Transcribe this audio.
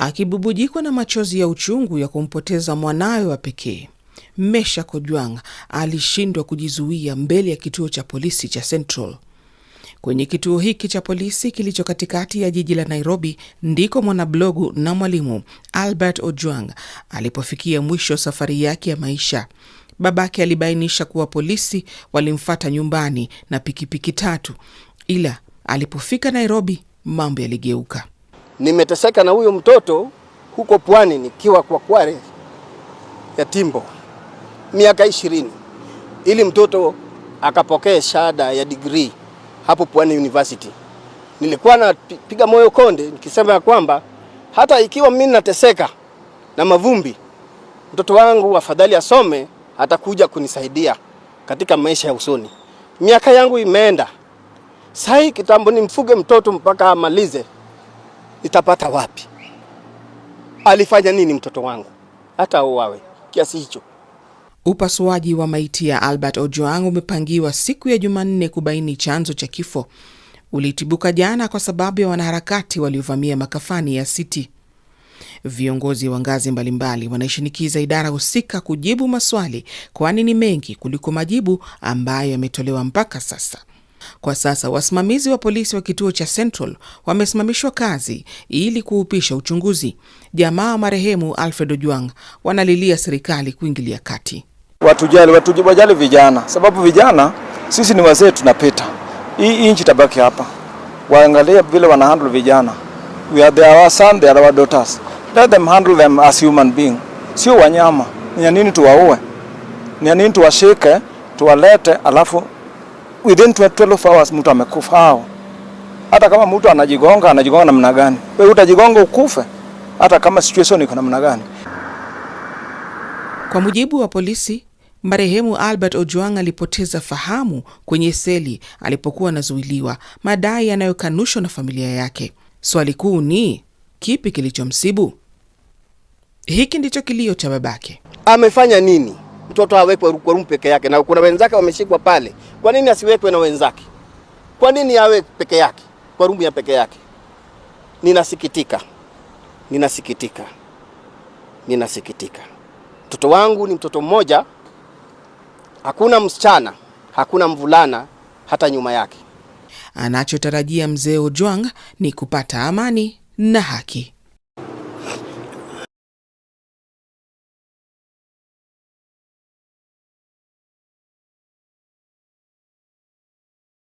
Akibubujikwa na machozi ya uchungu ya kumpoteza mwanawe wa pekee, Mesha Kojwang alishindwa kujizuia mbele ya kituo cha polisi cha Central. Kwenye kituo hiki cha polisi kilicho katikati ya jiji la Nairobi ndiko mwanablogu na mwalimu Albert Ojwang alipofikia mwisho safari yake ya maisha. Babake alibainisha kuwa polisi walimfata nyumbani na pikipiki piki tatu, ila alipofika Nairobi mambo yaligeuka nimeteseka na huyo mtoto huko pwani nikiwa kwa Kware ya Timbo miaka ishirini ili mtoto akapokee shahada ya degree hapo Pwani University. Nilikuwa napiga moyo konde nikisema ya kwamba hata ikiwa mimi nateseka na mavumbi, mtoto wangu afadhali asome, atakuja kunisaidia katika maisha ya usoni. Miaka yangu imeenda sahi, kitambo nimfuge mtoto mpaka amalize nitapata wapi? Alifanya nini mtoto wangu hata auawe kiasi hicho? Upasuaji wa maiti ya Albert Ojwang umepangiwa siku ya Jumanne kubaini chanzo cha kifo. Ulitibuka jana kwa sababu ya wanaharakati waliovamia makafani ya City. Viongozi wa ngazi mbalimbali wanaishinikiza idara husika kujibu maswali, kwani ni mengi kuliko majibu ambayo yametolewa mpaka sasa. Kwa sasa wasimamizi wa polisi wa kituo cha Central wamesimamishwa kazi ili kuupisha uchunguzi. Jamaa wa marehemu Alfred Ojwang wanalilia serikali kuingilia kati. Watujali, wajali vijana, sababu vijana sisi ni wazee, tunapita hii nchi tabaki hapa. waangalia vile wanahandle vijana, we are their sons, they are our daughters, let them handle them as human being, sio wanyama. Ni nini tuwaue? Ni nini tuwashike, tuwalete alafu within 12 hours mtu amekufa hao. Hata kama mtu anajigonga anajigonga namna gani? Wewe utajigonga ukufe hata kama situation iko namna gani? Kwa mujibu wa polisi, marehemu Albert Ojwang alipoteza fahamu kwenye seli alipokuwa anazuiliwa, madai yanayokanushwa na familia yake. Swali kuu ni kipi kilichomsibu? Hiki ndicho kilio cha babake. Amefanya nini? mtoto awekwe kwa peke yake na kuna wenzake wameshikwa pale. Kwa nini asiwekwe na wenzake? Kwa nini awe peke yake kwa rumu ya peke yake? Ninasikitika, ninasikitika, ninasikitika. Mtoto wangu ni mtoto mmoja, hakuna msichana, hakuna mvulana hata nyuma yake. Anachotarajia mzee Ojwang ni kupata amani na haki.